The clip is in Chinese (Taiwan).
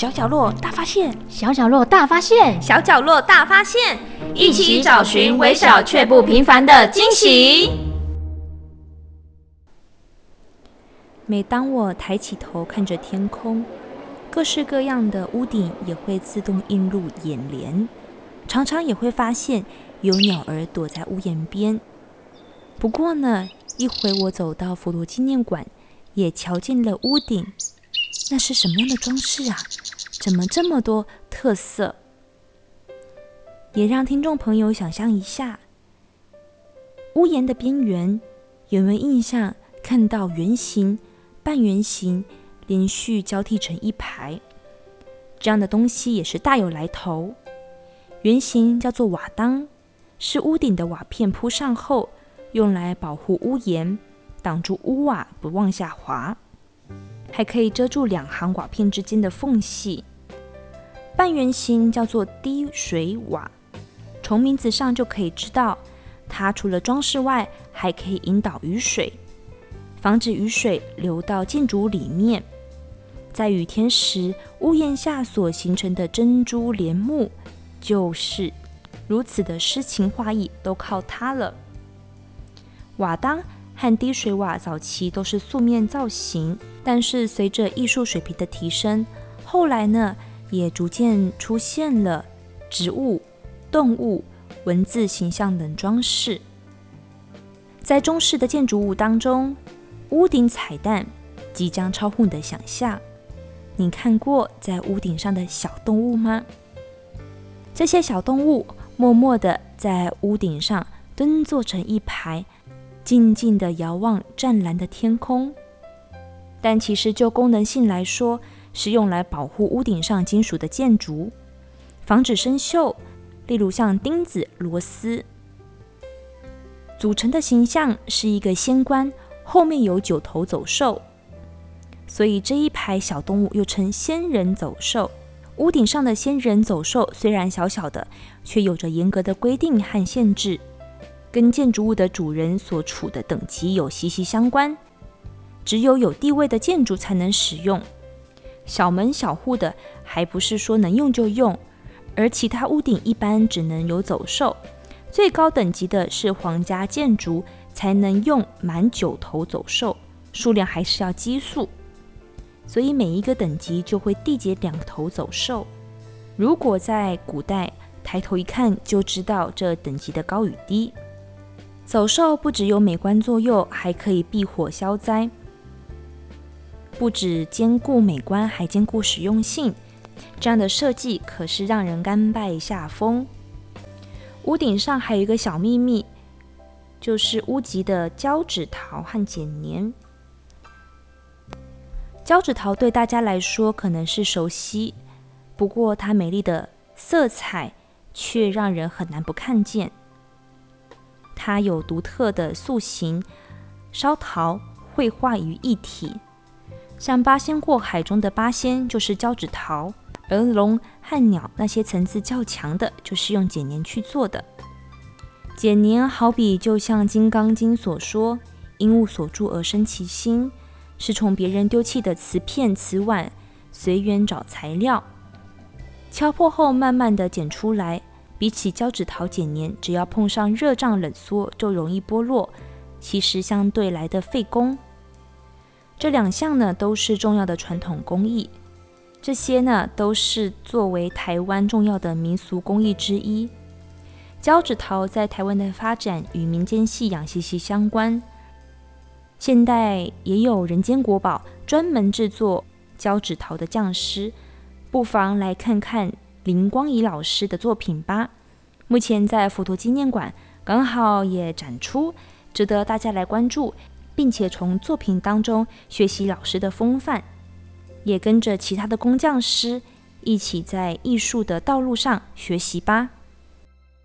小角落大發現，小角落大發現，小角落大發現，一起找尋微小卻不平凡的驚喜。每當我抬起頭看着天空，各式各樣的屋頂也會自動映入眼簾。常常也會發現有鳥兒躲在屋檐邊。不過呢，一回我走到佛陀紀念館，也瞧見了屋頂，那是什麼樣的裝飾啊？怎麼這麼多特色？也讓聽眾朋友想象一下，屋檐的邊緣有沒有印象看到圓形、半圓形連續交替成一排，這樣的東西也是大有來頭。圓形叫做瓦當，是屋頂的瓦片鋪上後，用來保護屋檐，擋住屋瓦不往下滑，還可以遮住兩行瓦片之間的縫隙。半圓形叫做滴水瓦，從名字上就可以知道，它除了裝飾外，還可以引導雨水，防止雨水流到建築裡面。在雨天時，屋檐下所形成的珍珠簾幕，就是如此的詩情畫意，都靠它了。瓦當和滴水瓦早期都是素面造型，但是隨着藝術水平的提升，後來呢？也逐漸出現了植物、動物、文字形象等裝飾。在中式的建築物當中，屋頂彩蛋即將超乎你的想象。你看過在屋頂上的小動物嗎？這些小動物默默的在屋頂上蹲坐成一排，靜靜的遙望湛藍的天空。但其實就功能性來說，是用來保護屋頂上金屬的建築，防止生鏽，例如像釘子、螺絲。組成的形象是一個仙官，後面有九頭走獸，所以這一排小動物又稱仙人走獸。屋頂上的仙人走獸雖然小小的，卻有着嚴格的規定和限制，跟建築物的主人所處的等級有息息相關。只有有地位的建築才能使用。小門小戶的，還不是說能用就用，而其他屋頂一般只能有走獸，最高等級的是皇家建築才能用滿九頭走獸，數量還是要奇數，所以每一個等級就會遞減兩頭走獸。如果在古代抬頭一看就知道這等級的高與低。走獸不只有美觀作用，還可以避火消災。不只兼顧美觀，還兼顧實用性，這樣的設計可是讓人甘拜下風。屋頂上還有一個小秘密，就是屋脊的交趾陶和剪黏。交趾陶對大家來說可能是熟悉，不過它美麗的色彩卻讓人很難不看見。它有獨特的塑形、燒陶、繪畫於一體。像八仙過海中的八仙就是交趾陶，而龍和鳥那些層次較強的就是用剪黏去做的。剪黏好比就像《金剛經》所說：“因物所住而生其心”，是從別人丟棄的瓷片、瓷碗隨緣找材料，敲破後慢慢地剪出來。比起交趾陶剪黏，只要碰上熱脹冷縮就容易剝落，其實相對來的費工。這兩項呢，都是重要的傳統工藝，這些呢，都是作為台灣重要的民俗工藝之一。交趾陶在台灣的發展與民間信仰息息相關，現代也有人間國寶專門製作交趾陶的匠師，不妨來看看林洸沂老師的作品吧。目前在佛陀紀念館剛好也展出，值得大家來關注。並且從作品當中學習老師的風範，也跟着其他的工匠師一起在藝術的道路上學習吧。